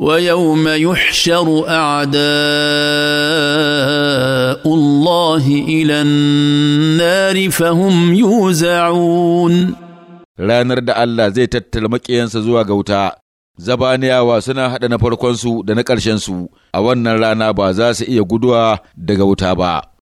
ويوم يحشر اعداء الله الى النار فهم يوزعون ranar da Allah zai tattala maƙiyansa zuwa ga wuta, zabaniyawa suna haɗa na farkonsu da na ƙarshensu, a wannan rana ba za su iya guduwa daga wuta ba.